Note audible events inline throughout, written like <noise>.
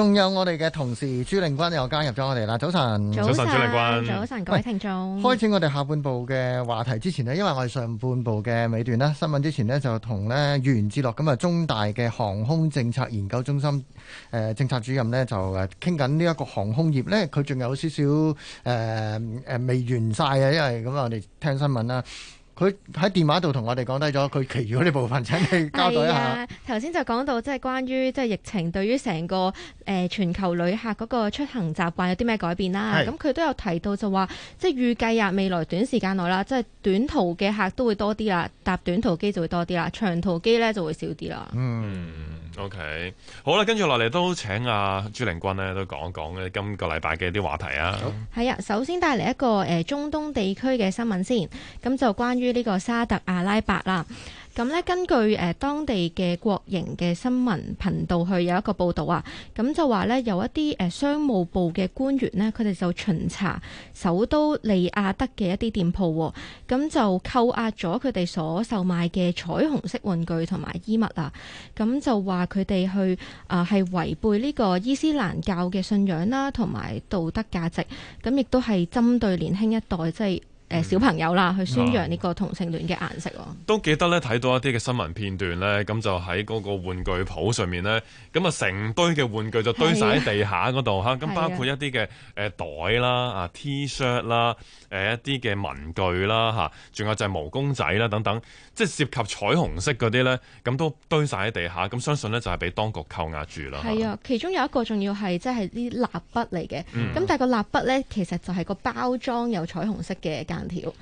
仲有我哋嘅同事朱令筠又加入咗我哋啦，早晨，早晨，朱令筠，早晨，各位聽眾。開始我哋下半部嘅話題之前呢，因為我哋上半部嘅尾段啦，新聞之前呢就同呢袁志樂咁啊，中大嘅航空政策研究中心誒政策主任呢就誒傾緊呢一個航空業呢，佢仲有少少誒誒未完晒啊，因為咁啊，我哋聽新聞啦。佢喺電話度同我哋講低咗，佢其餘嗰啲部分請你交代一下。頭先、啊、就講到即係、就是、關於即係疫情對於成個誒、呃、全球旅客嗰個出行習慣有啲咩改變啦。咁佢是都有提到就話，即、就、係、是、預計啊未來短時間內啦，即、就、係、是、短途嘅客都會多啲啦，搭短途機就會多啲啦，長途機咧就會少啲啦。嗯。O、okay. K，好啦，跟住落嚟都請阿、啊、朱玲君咧都講一講咧今個禮拜嘅啲話題啊。係啊，首先帶嚟一個誒、呃、中東地區嘅新聞先，咁就關於呢個沙特阿拉伯啦。咁咧、嗯，根據誒、呃、當地嘅國營嘅新聞頻道去有一個報導啊，咁、嗯、就話咧有一啲誒、呃、商務部嘅官員咧，佢哋就巡查首都利雅德嘅一啲店鋪，咁、哦嗯、就扣押咗佢哋所售賣嘅彩虹色玩具同埋衣物啊，咁、嗯嗯、就話佢哋去啊係、呃、違背呢個伊斯蘭教嘅信仰啦，同埋道德價值，咁亦都係針對年輕一代，即、就、係、是。誒、呃、小朋友啦，去宣揚呢個同性戀嘅顏色、啊。都記得咧睇到一啲嘅新聞片段咧，咁就喺嗰個玩具鋪上面咧，咁啊成堆嘅玩具就堆晒喺地下嗰度嚇。咁、啊啊、包括一啲嘅誒袋啦、啊 T-shirt 啦、誒、啊、一啲嘅文具啦嚇，仲、啊、有就係毛公仔啦等等，即係涉及彩虹色嗰啲咧，咁都堆晒喺地下。咁相信咧就係俾當局扣押住啦。係啊，啊，啊，其中有一個仲要係即係啲蠟筆嚟嘅，咁、嗯、但係個蠟筆咧其實就係個包裝有彩虹色嘅條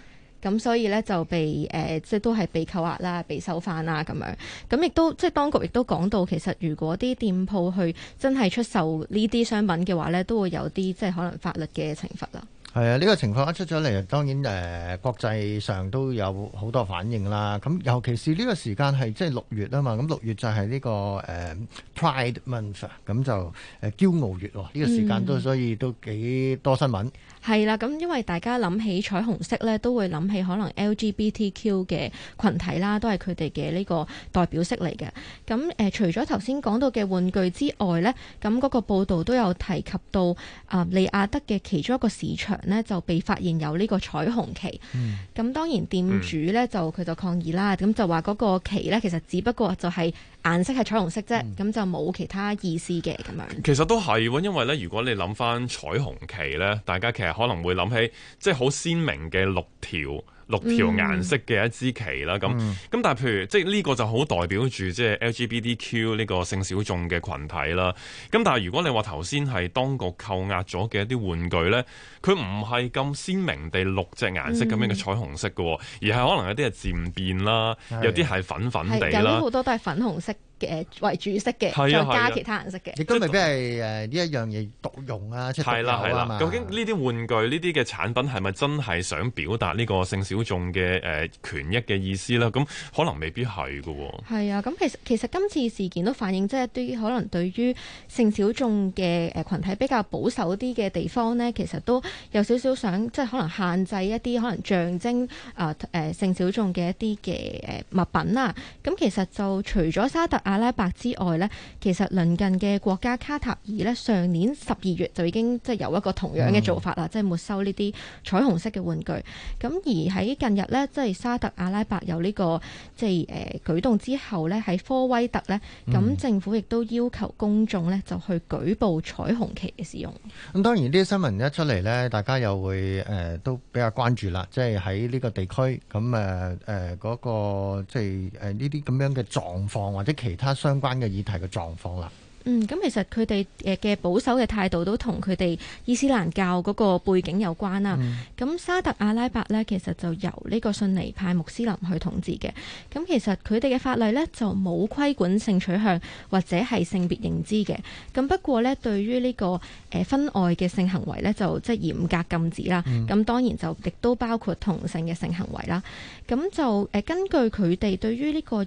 咁、嗯，所以咧就被誒、呃，即係都係被扣押啦、被收返啦咁樣。咁亦都即係當局亦都講到，其實如果啲店鋪去真係出售呢啲商品嘅話咧，都會有啲即係可能法律嘅懲罰啦。係啊，呢、這個情況一出咗嚟，當然誒、呃、國際上都有好多反應啦。咁、啊、尤其是呢個時間係即係六月啊嘛，咁六月就係呢、這個誒、呃、Pride Month，咁就誒驕傲月喎。呢、這個時間都所以都幾多新聞。係啦、嗯，咁、啊、因為大家諗起彩虹色咧，都會諗起可能 LGBTQ 嘅群體啦，都係佢哋嘅呢個代表色嚟嘅。咁誒、呃，除咗頭先講到嘅玩具之外咧，咁嗰個報道都有提及到啊利、呃、雅德嘅其中一個市場。咧就被發現有呢個彩虹旗，咁、嗯、當然店主咧就佢就抗議啦，咁就話嗰個旗咧其實只不過就係顏色係彩虹色啫，咁、嗯、就冇其他意思嘅咁樣。其實都係喎，因為咧如果你諗翻彩虹旗咧，大家其實可能會諗起即係好鮮明嘅六條。六條顏色嘅一支旗啦，咁咁、嗯、但係譬如即係呢個就好代表住即係 LGBTQ 呢個性小眾嘅群體啦。咁但係如果你話頭先係當局扣押咗嘅一啲玩具咧，佢唔係咁鮮明地六隻顏色咁樣嘅彩虹色嘅，嗯、而係可能有啲係漸變啦是，有啲係粉粉地啦，好多都係粉紅色。嘅、呃、為主色嘅，再加其他顏色嘅。亦都未必係誒呢一樣嘢獨用啊，出獨走啊，究竟呢啲玩具呢啲嘅產品係咪真係想表達呢個性小眾嘅誒權益嘅意思咧？咁可能未必係嘅喎。係啊，咁、啊、其實其實今次事件都反映即係一啲可能對於性小眾嘅誒羣體比較保守啲嘅地方呢，其實都有少少想即係可能限制一啲可能象徵啊誒、呃呃、性小眾嘅一啲嘅誒物品啦、啊。咁其實就除咗沙特阿拉伯之外咧，其實鄰近嘅國家卡塔爾咧，上年十二月就已經即係有一個同樣嘅做法啦，嗯、即係沒收呢啲彩虹色嘅玩具。咁而喺近日咧，即係沙特阿拉伯有呢、呢個即係誒舉動之後咧，喺科威特咧，咁、嗯、政府亦都要求公眾咧就去舉報彩虹旗嘅使用。咁、嗯、當然呢啲新聞一出嚟咧，大家又會誒、呃、都比較關注啦，即係喺呢個地區咁誒誒嗰個即係誒呢啲咁樣嘅狀況或者其。其他相關嘅議題嘅狀況啦。嗯，咁其實佢哋誒嘅保守嘅態度都同佢哋伊斯蘭教嗰個背景有關啦。咁、嗯、沙特阿拉伯咧，其實就由呢個遜尼派穆斯林去統治嘅。咁其實佢哋嘅法例咧就冇規管性取向或者係性別認知嘅。咁不過咧，對於呢個誒婚外嘅性行為咧，就即係嚴格禁止啦。咁、嗯、當然就亦都包括同性嘅性行為啦。咁就誒根據佢哋對於呢個誒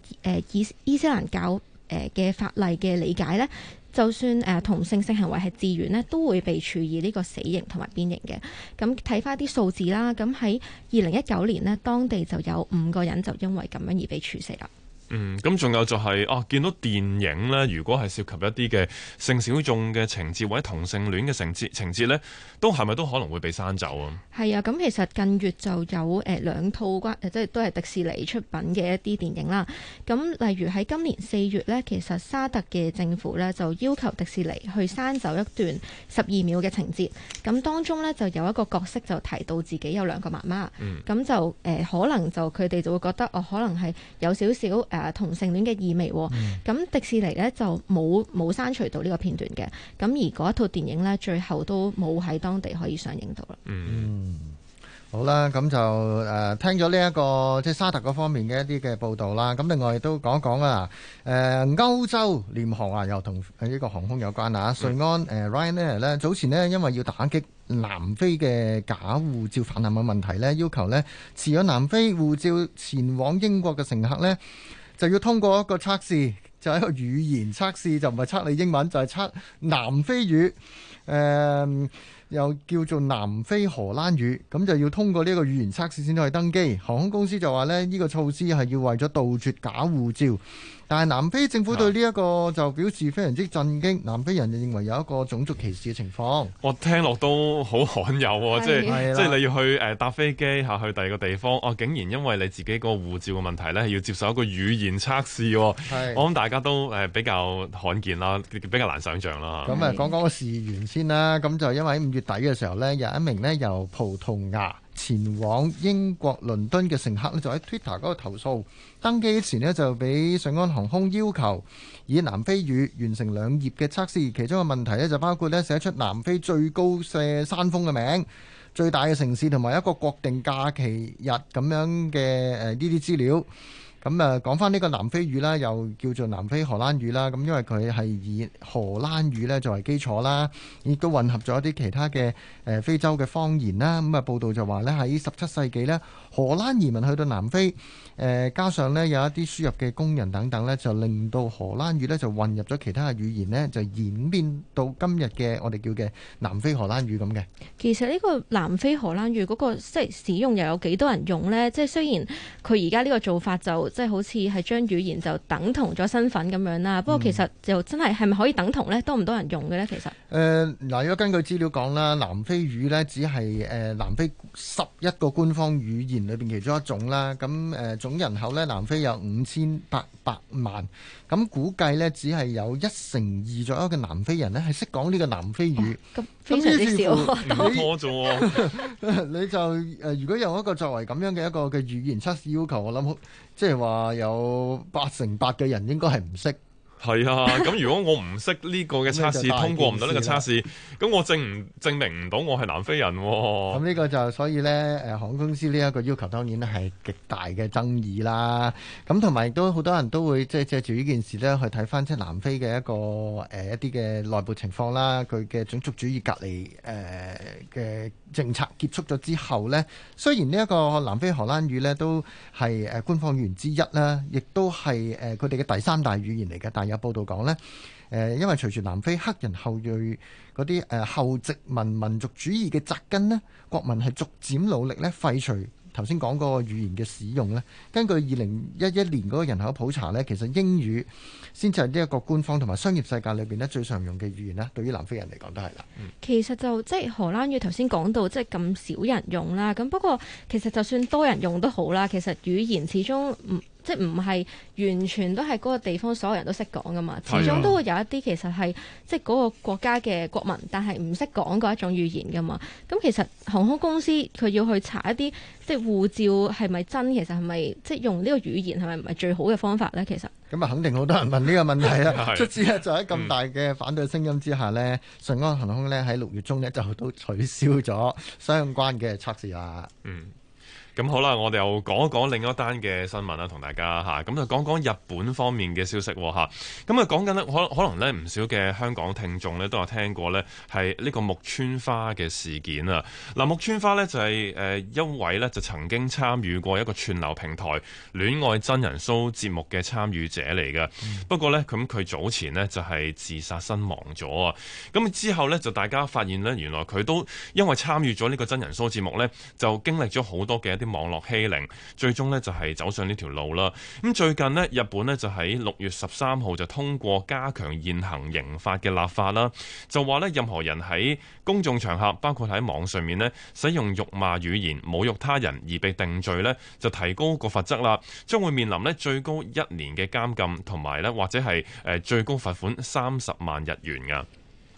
伊伊斯蘭教誒嘅法例嘅理解咧，就算誒同性性行為係自願咧，都會被處以呢個死刑同埋鞭刑嘅。咁睇翻啲數字啦，咁喺二零一九年呢，當地就有五個人就因為咁樣而被處死啦。嗯，咁仲有就係、是、哦，見、啊、到電影呢，如果係涉及一啲嘅性小眾嘅情節或者同性戀嘅情節情節呢都係咪都可能會被刪走啊？係啊，咁其實近月就有誒、呃、兩套關，即係都係迪士尼出品嘅一啲電影啦。咁例如喺今年四月呢，其實沙特嘅政府呢就要求迪士尼去刪走一段十二秒嘅情節。咁當中呢，就有一個角色就提到自己有兩個媽媽，咁、嗯、就誒、呃、可能就佢哋就會覺得哦、呃，可能係有少少誒、呃同性戀嘅意味，咁、嗯、迪士尼呢就冇冇刪除到呢個片段嘅，咁而嗰一套電影呢，最後都冇喺當地可以上映到啦。嗯，好啦，咁、嗯、這個、就誒聽咗呢一個即係沙特嗰方面嘅一啲嘅報道啦。咁另外亦都講一講啊，誒、呃、歐洲廉航啊，又同呢個航空有關啊。瑞安誒、呃、Ryanair 咧早前呢，因為要打擊南非嘅假護照泛濫嘅問題呢，要求呢，持有南非護照前往英國嘅乘客呢。就要通過一個測試，就係、是、一個語言測試，就唔係測你英文，就係、是、測南非語，誒、呃、又叫做南非荷蘭語，咁就要通過呢個語言測試先可以登機。航空公司就話咧，呢、這個措施係要為咗杜絕假護照。但係南非政府對呢一個就表示非常之震驚，的南非人就認為有一個種族歧視嘅情況。我聽落都好罕有喎，即係即係你要去誒、呃、搭飛機下去第二個地方，哦、啊，竟然因為你自己個護照嘅問題咧，係要接受一個語言測試，啊。的我諗大家都誒、呃、比較罕見啦，比較難想像啦。咁啊的，講講個事源先啦。咁就因為五月底嘅時候咧，有一名咧由葡萄牙，前往英國倫敦嘅乘客咧，就喺 Twitter 嗰度投訴。登機前咧，就俾瑞安航空要求以南非語完成兩頁嘅測試，其中嘅問題咧就包括咧寫出南非最高嘅山峰嘅名、最大嘅城市同埋一個國定假期日咁樣嘅誒呢啲資料。咁啊，講翻呢個南非語啦，又叫做南非荷蘭語啦。咁因為佢係以荷蘭語咧作為基礎啦，亦都混合咗一啲其他嘅誒非洲嘅方言啦。咁啊，報道就話咧，喺十七世紀咧，荷蘭移民去到南非，誒，加上咧有一啲輸入嘅工人等等咧，就令到荷蘭語咧就混入咗其他嘅語言咧，就演變到今日嘅我哋叫嘅南非荷蘭語咁嘅。其實呢個南非荷蘭語嗰個，即係使用又有幾多人用咧？即係雖然佢而家呢個做法就即係好似係將語言就等同咗身份咁樣啦，不過其實就真係係咪可以等同呢？多唔多人用嘅呢？其實誒嗱、呃，如、呃、果根據資料講啦，南非語呢只係誒、呃、南非十一個官方語言裏邊其中一種啦。咁誒、呃、總人口呢，南非有五千八百萬，咁估計呢，只係有一成二左右嘅南非人呢係識講呢個南非語。哦非常之少、哦，唔多咗。 <laughs> 你就誒、呃，如果用一個作為咁樣嘅一個嘅語言測試要求，我諗即係話有八成八嘅人應該係唔識。係啊，咁如果我唔識呢個嘅測試，通過唔到呢個測試，咁 <laughs> 我證唔證明唔到我係南非人喎、啊？咁呢個就係、所以呢誒航空公司呢一個要求，當然咧係極大嘅爭議啦。咁同埋都好多人都會即係藉住呢件事呢去睇翻即南非嘅一個誒、呃、一啲嘅內部情況啦。佢嘅種族主義隔離誒嘅、呃、政策結束咗之後呢，雖然呢一個南非荷蘭語呢都係誒官方語言之一啦，亦都係誒佢哋嘅第三大語言嚟嘅，但有報道講呢，誒，因為隨住南非黑人後裔嗰啲誒後殖民民族主義嘅扎根呢，國民係逐漸努力咧廢除頭先講嗰個語言嘅使用咧。根據二零一一年嗰個人口普查呢，其實英語先至係呢一個官方同埋商業世界裏邊呢最常用嘅語言啦。對於南非人嚟講都係啦。嗯。其實就即係荷蘭語頭先講到即係咁少人用啦。咁不過其實就算多人用都好啦。其實語言始終唔。即係唔係完全都係嗰個地方所有人都識講噶嘛？始終都會有一啲其實係即係嗰個國家嘅國民，但係唔識講嗰一種語言噶嘛。咁其實航空公司佢要去查一啲即係護照係咪真，其實係咪即係用呢個語言係咪唔係最好嘅方法呢？其實咁啊，肯定好多人問呢個問題啦。 <laughs> 嗯、出事就喺咁大嘅反對聲音之下呢，順安航空呢喺六月中呢就都取消咗相關嘅測試啦。嗯。咁好啦，我哋又講一講另一單嘅新聞啦，同大家嚇。咁就講講日本方面嘅消息嚇。咁啊講緊呢，可可能呢唔少嘅香港聽眾呢都有聽過呢係呢個木村花嘅事件啊。嗱，木村花呢就係誒一位呢就曾經參與過一個串流平台戀愛真人 show 節目嘅參與者嚟嘅。嗯嗯，不過呢，咁佢早前呢就係自殺身亡咗啊。咁之後呢，就大家發現呢，原來佢都因為參與咗呢個真人 show 節目呢，就經歷咗好多嘅啲網絡欺凌，最終呢，就係走上呢條路啦。咁最近呢，日本呢，就喺六月十三號就通過加強現行刑法嘅立法啦，就話呢，任何人喺公眾場合，包括喺網上面呢，使用辱罵語言、侮辱他人而被定罪呢，就提高個罰則啦，將會面臨呢最高一年嘅監禁同埋呢，或者係誒最高罰款三十萬日元㗎。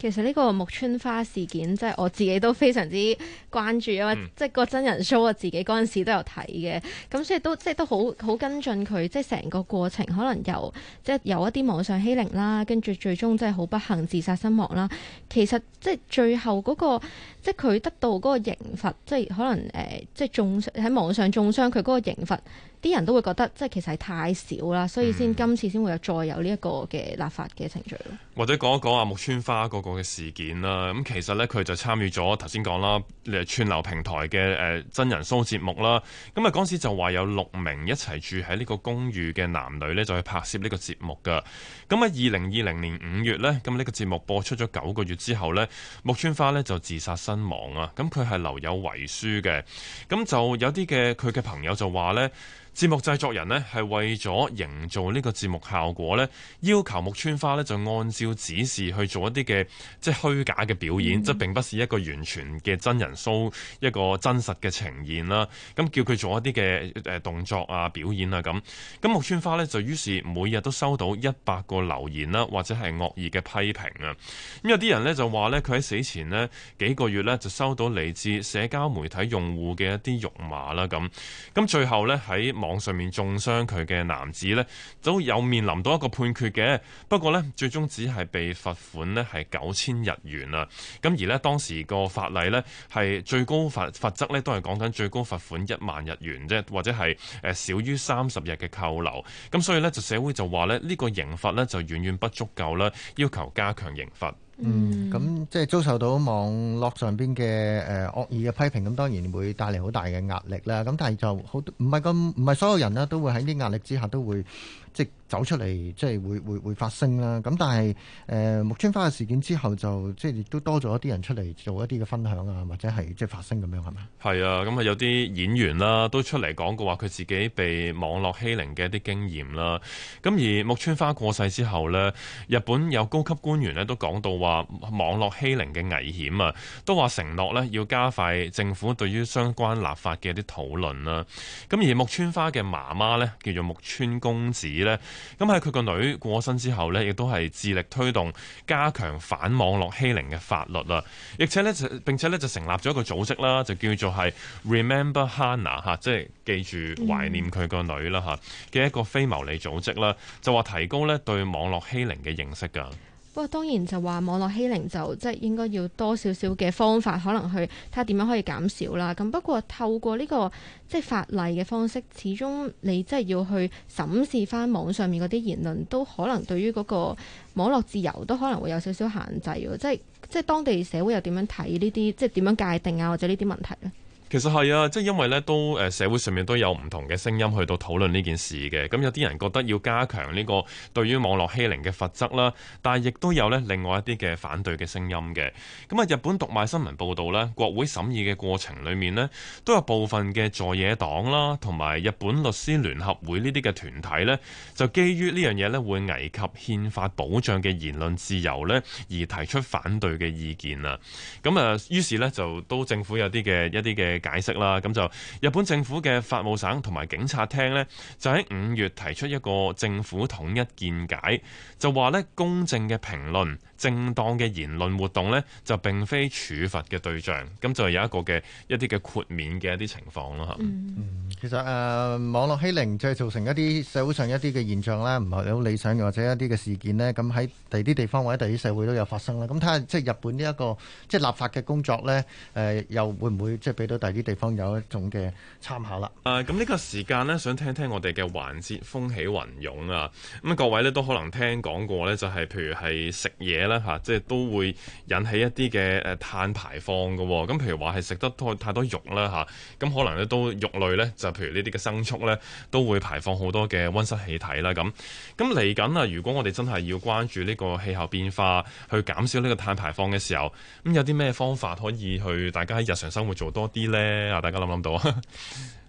其實呢個木村花事件，即係我自己都非常之關注，因為、嗯、即係個真人 show，我自己嗰陣時都有睇嘅，咁所以都即係都好好跟進佢，即係成個過程，可能有即係有一啲網上欺凌啦，跟住最終即係好不幸自殺身亡啦。其實即係最後嗰、那個，即係佢得到嗰個刑罰，即係可能誒、呃，即係中傷喺網上中傷佢嗰個刑罰。啲人都會覺得即係其實係太少啦，所以先今、嗯、次先會有再有呢一個嘅立法嘅程序。或者講一講啊，木村花嗰個嘅事件啦。咁其實呢，佢就參與咗頭先講啦，串流平台嘅誒、呃、真人 show 節目啦。咁啊，嗰時就話有六名一齊住喺呢個公寓嘅男女呢，就去拍攝呢個節目噶。咁喺二零二零年五月呢，咁、這、呢個節目播出咗九個月之後呢，木村花呢就自殺身亡啊。咁佢係留有遺書嘅。咁就有啲嘅佢嘅朋友就話呢。節目製作人呢係為咗營造呢個節目效果呢，要求木村花呢就按照指示去做一啲嘅即係虛假嘅表演，嗯、即係並不是一個完全嘅真人 show 一個真實嘅呈現啦。咁、啊、叫佢做一啲嘅誒動作啊、表演啊咁。咁木村花呢就於是每日都收到一百個留言啦，或者係惡意嘅批評啊。咁有啲人呢就話呢，佢喺死前呢幾個月呢就收到嚟自社交媒體用戶嘅一啲辱罵啦咁。咁最後呢喺網上面重傷佢嘅男子呢，都有面臨到一個判決嘅。不過呢，最終只係被罰款呢係九千日元啦。咁而呢，當時個法例呢係最高罰罰則咧，都係講緊最高罰款一萬日元啫，或者係誒少於三十日嘅扣留。咁所以呢，就社會就話咧，呢個刑罰呢就遠遠不足夠啦，要求加強刑罰。嗯，咁即係遭受到網絡上邊嘅誒惡意嘅批評，咁當然會帶嚟好大嘅壓力啦。咁但係就好，唔係咁，唔係所有人咧都會喺啲壓力之下都會即走出嚟即係會會會發聲啦，咁但係誒、呃、木村花嘅事件之後就即係亦都多咗一啲人出嚟做一啲嘅分享啊，或者係即係發聲咁樣係咪？係啊，咁啊有啲演員啦都出嚟講過話，佢自己被網絡欺凌嘅一啲經驗啦。咁而木村花過世之後呢，日本有高級官員呢都講到話網絡欺凌嘅危險啊，都話承諾呢要加快政府對於相關立法嘅一啲討論啦。咁而木村花嘅媽媽呢，叫做木村公子呢。咁喺佢個女過身之後呢，亦都係致力推動加強反網絡欺凌嘅法律啦，而且咧就，並且咧就成立咗一個組織啦，就叫做係 Remember Hannah，即係記住懷念佢個女啦嚇嘅一個非牟利組織啦，就話提高咧對網絡欺凌嘅認識噶。不過當然就話網絡欺凌就即係應該要多少少嘅方法，可能去睇下點樣可以減少啦。咁不過透過呢個即係法例嘅方式，始終你即係要去審視翻網上面嗰啲言論，都可能對於嗰個網絡自由都可能會有少少限制。即係即係當地社會又點樣睇呢啲，即係點樣界定啊，或者呢啲問題咧？其實係啊，即係因為咧，都誒社會上面都有唔同嘅聲音去到討論呢件事嘅。咁有啲人覺得要加強呢個對於網絡欺凌嘅罰則啦，但係亦都有呢另外一啲嘅反對嘅聲音嘅。咁啊，日本讀賣新聞報道呢，國會審議嘅過程裡面呢，都有部分嘅在野黨啦，同埋日本律師聯合會呢啲嘅團體呢，就基於呢樣嘢呢會危及憲法保障嘅言論自由呢，而提出反對嘅意見啦。咁啊，於是呢，就都政府有啲嘅一啲嘅。解釋啦，咁就日本政府嘅法務省同埋警察廳呢，就喺五月提出一個政府統一見解，就話呢公正嘅評論、正當嘅言論活動呢，就並非處罰嘅對象，咁就有一個嘅一啲嘅豁免嘅一啲情況啦，嚇、嗯。其實誒、呃、網絡欺凌就係造成一啲社會上一啲嘅現象啦，唔係好理想嘅，或者一啲嘅事件呢。咁喺第二啲地方或者第二啲社會都有發生啦。咁睇下即係日本呢、這、一個即係立法嘅工作呢，誒、呃、又會唔會即係俾到第二啲地方有一種嘅參考啦？誒咁呢個時間呢，想聽聽我哋嘅環節風起雲湧啊！咁各位呢，都可能聽講過呢，就係、是、譬如係食嘢啦嚇，即、啊、係、就是、都會引起一啲嘅碳排放㗎喎。咁、啊、譬如話係食得太，太多肉啦嚇，咁、啊啊啊、可能呢都肉類呢。就、就是譬如呢啲嘅牲畜呢，都會排放好多嘅溫室氣體啦。咁咁嚟緊啊，如果我哋真係要關注呢個氣候變化，去減少呢個碳排放嘅時候，咁有啲咩方法可以去大家喺日常生活做多啲呢？啊，大家諗唔諗到啊？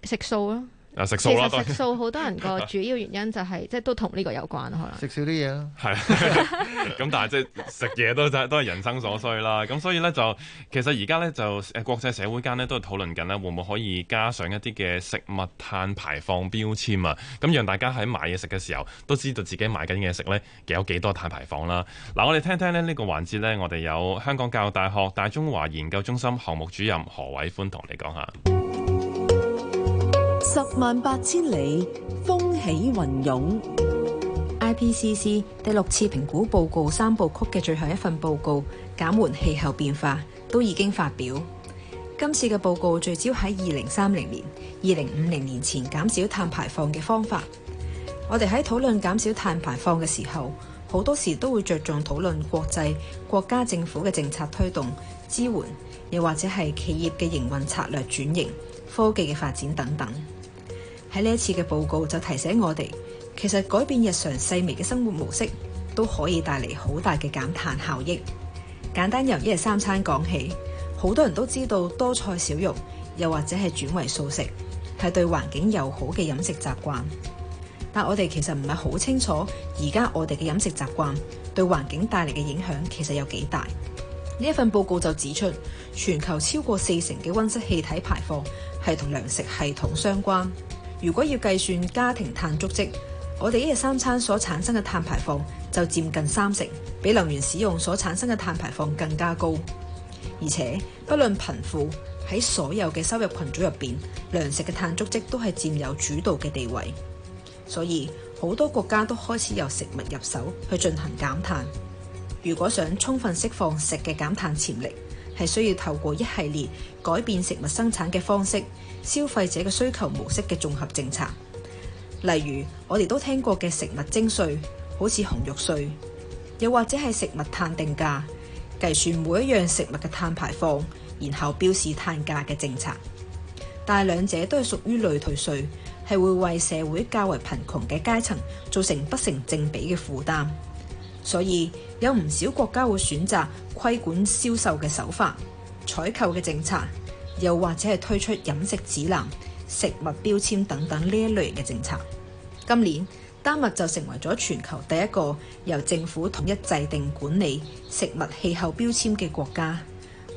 食素咯。食素好多人個主要原因就係、是， <laughs> 即係都同呢個有關咯，可能食少啲嘢係。咁但係即係食嘢都都係人生所需啦。咁 <laughs> 所以呢，就，其實而家呢，就誒國際社會間呢，都係討論緊咧，會唔會可以加上一啲嘅食物碳排放標籤啊？咁讓大家喺買嘢食嘅時候，都知道自己買緊嘢食咧有幾多碳排放啦。嗱，我哋聽聽咧呢個環節呢，我哋有香港教育大學大中華研究中心項目主任何偉歡同你講下。十萬八千里，風起雲湧。IPCC 第六次評估報告三部曲嘅最後一份報告減緩氣候變化都已經發表。今次嘅報告聚焦喺二零三零年、二零五零年前減少碳排放嘅方法。我哋喺討論減少碳排放嘅時候，好多時都會着重討論國際、國際、國家、政府嘅政策推動、支援，又或者係企業嘅營運策略轉型、科技嘅發展等等。喺呢一次嘅報告就提醒我哋，其實改變日常細微嘅生活模式都可以帶嚟好大嘅減碳效益。簡單由一日三餐講起，好多人都知道多菜少肉，又或者係轉為素食，係對環境友好嘅飲食習慣。但我哋其實唔係好清楚而家我哋嘅飲食習慣對環境帶嚟嘅影響其實有幾大。呢一份報告就指出，全球超過四成嘅温室氣體排放係同糧食系統相關。如果要計算家庭碳足跡，我哋一日三餐所產生嘅碳排放就佔近三成，比能源使用所產生嘅碳排放更加高。而且，不論貧富，喺所有嘅收入群組入邊，糧食嘅碳足跡都係佔有主導嘅地位。所以，好多國家都開始由食物入手去進行減碳。如果想充分釋放食嘅減碳潛力，係需要透過一系列改變食物生產嘅方式、消費者嘅需求模式嘅綜合政策，例如我哋都聽過嘅食物徵稅，好似紅肉稅，又或者係食物碳定價，計算每一樣食物嘅碳排放，然後標示碳價嘅政策。但係兩者都係屬於累退稅，係會為社會較為貧窮嘅階層造成不成正比嘅負擔。所以有唔少國家會選擇規管銷售嘅手法、採購嘅政策，又或者係推出飲食指南、食物標籤等等呢一類型嘅政策。今年丹麥就成為咗全球第一個由政府統一制定管理食物氣候標籤嘅國家，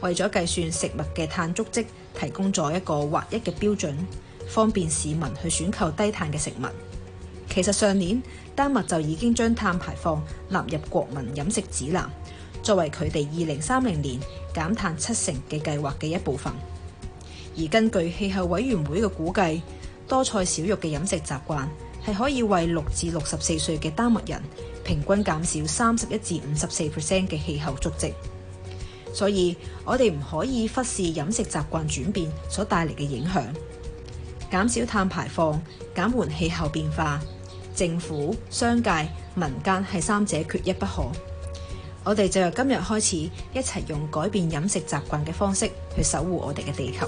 為咗計算食物嘅碳足跡，提供咗一個劃一嘅標準，方便市民去選購低碳嘅食物。其實上年丹麥就已經將碳排放納入國民飲食指南，作為佢哋二零三零年減碳七成嘅計劃嘅一部分。而根據氣候委員會嘅估計，多菜少肉嘅飲食習慣係可以為六至六十四歲嘅丹麥人平均減少三十一至五十四 percent 嘅氣候足迹。所以我哋唔可以忽視飲食習慣轉變所帶嚟嘅影響，減少碳排放，減緩氣候變化。政府、商界、民間係三者缺一不可。我哋就由今日開始，一齊用改變飲食習慣嘅方式去守護我哋嘅地球。